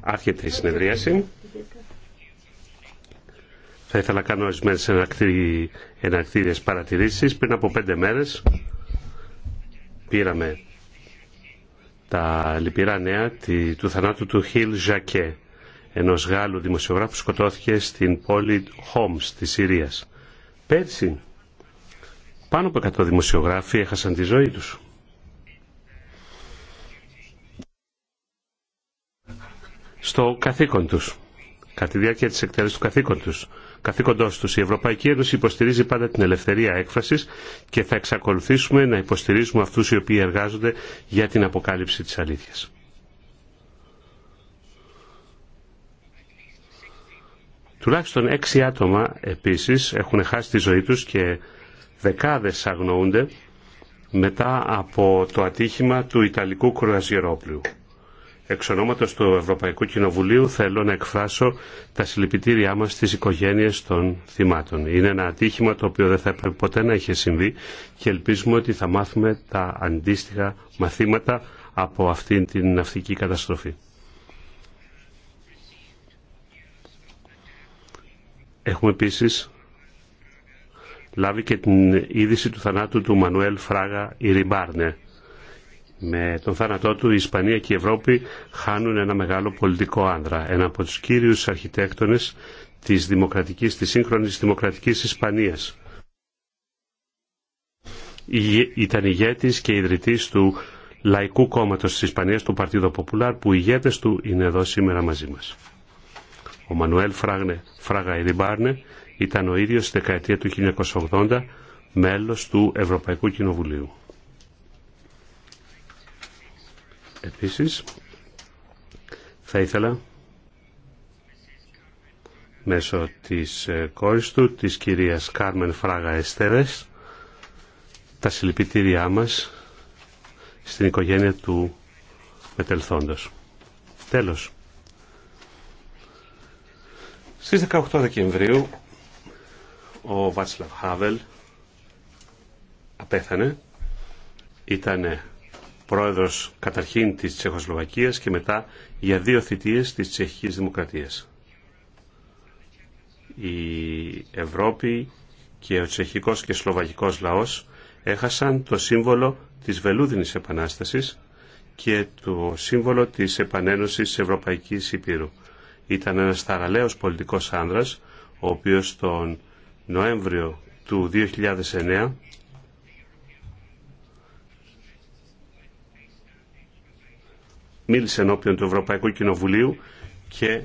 Άρχεται η συνεδρίαση. Θα ήθελα να κάνω ορισμένε ενακτήριε παρατηρήσει. Πριν από πέντε μέρε πήραμε τα λυπηρά νέα του θανάτου του Χιλ Ζακέ, ενό Γάλλου δημοσιογράφου που σκοτώθηκε στην πόλη Χόμ τη Συρία. Πέρσι, πάνω από 100 δημοσιογράφοι έχασαν τη ζωή του. στο καθήκον τους, κατά τη διάρκεια της εκτέλεσης του καθήκον Καθήκοντός τους. Η Ευρωπαϊκή Ένωση υποστηρίζει πάντα την ελευθερία έκφρασης και θα εξακολουθήσουμε να υποστηρίζουμε αυτούς οι οποίοι εργάζονται για την αποκάλυψη της αλήθειας. Τουλάχιστον έξι άτομα επίσης έχουν χάσει τη ζωή τους και δεκάδες αγνοούνται μετά από το ατύχημα του Ιταλικού κρουαζιερόπλου. Εξ ονόματος του Ευρωπαϊκού Κοινοβουλίου θέλω να εκφράσω τα συλληπιτήριά μας στις οικογένειες των θυμάτων. Είναι ένα ατύχημα το οποίο δεν θα έπρεπε ποτέ να είχε συμβεί και ελπίζουμε ότι θα μάθουμε τα αντίστοιχα μαθήματα από αυτήν την ναυτική καταστροφή. Έχουμε επίσης λάβει και την είδηση του θανάτου του Μανουέλ Φράγα Ιριμπάρνε με τον θάνατό του η Ισπανία και η Ευρώπη χάνουν ένα μεγάλο πολιτικό άνδρα, ένα από τους κύριους αρχιτέκτονες της, δημοκρατικής, της σύγχρονης δημοκρατικής Ισπανίας. Ήταν ηγέτης και ιδρυτής του Λαϊκού Κόμματος της Ισπανίας, του Παρτίδο Ποπουλάρ, που οι ηγέτες του είναι εδώ σήμερα μαζί μας. Ο Μανουέλ Φράγνε, Φράγα Ιδιμπάρνε ήταν ο ίδιος στη δεκαετία του 1980 μέλος του Ευρωπαϊκού Κοινοβουλίου. Επίσης, θα ήθελα μέσω της ε, κόρης του, της κυρίας Κάρμεν Φράγα Εστέρες, τα συλληπιτήριά μας στην οικογένεια του μετελθόντος. Τέλος. Στις 18 Δεκεμβρίου ο Βάτσλαβ Χάβελ απέθανε. Ήταν πρόεδρος καταρχήν της Τσεχοσλοβακίας και μετά για δύο θητείες της Τσεχικής Δημοκρατίας. Η Ευρώπη και ο τσεχικός και σλοβακικός λαός έχασαν το σύμβολο της Βελούδινης Επανάστασης και το σύμβολο της επανένωσης Ευρωπαϊκής Υπήρου. Ήταν ένας θαραλέος πολιτικός άνδρας, ο οποίος τον Νοέμβριο του 2009 μίλησε ενώπιον του Ευρωπαϊκού Κοινοβουλίου και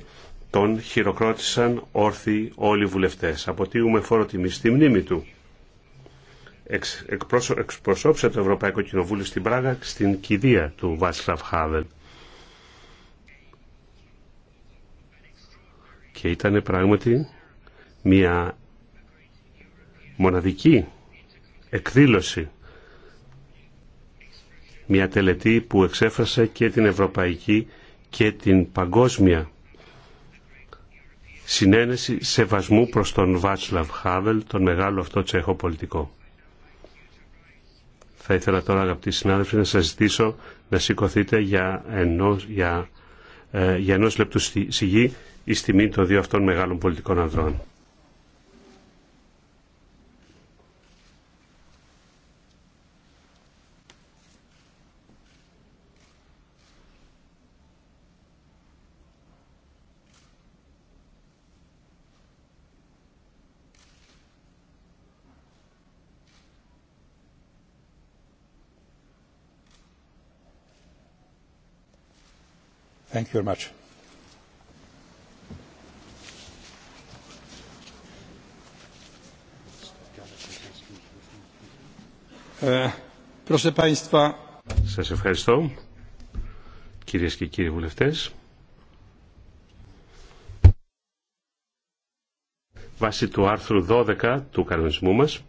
τον χειροκρότησαν όρθιοι όλοι οι βουλευτές. Αποτείουμε φόρο τιμή στη μνήμη του. Εκπροσώπησε το Ευρωπαϊκό Κοινοβούλιο στην Πράγα στην κηδεία του Βάσλαβ Χάβελ. Και ήταν πράγματι μια μοναδική εκδήλωση μια τελετή που εξέφρασε και την ευρωπαϊκή και την παγκόσμια συνένεση σεβασμού προς τον Βάτσλαβ Χάβελ, τον μεγάλο αυτό τσέχο πολιτικό. Θα ήθελα τώρα αγαπητοί συνάδελφοι να σας ζητήσω να σηκωθείτε για ενός, για, ε, για ενός λεπτού σιγή εις τιμή των δύο αυτών μεγάλων πολιτικών ανδρών. Thank you very much. Ε, Σας ευχαριστώ κυρίες και κύριοι βουλευτές. Βάσει του άρθρου 12 του κανονισμού μας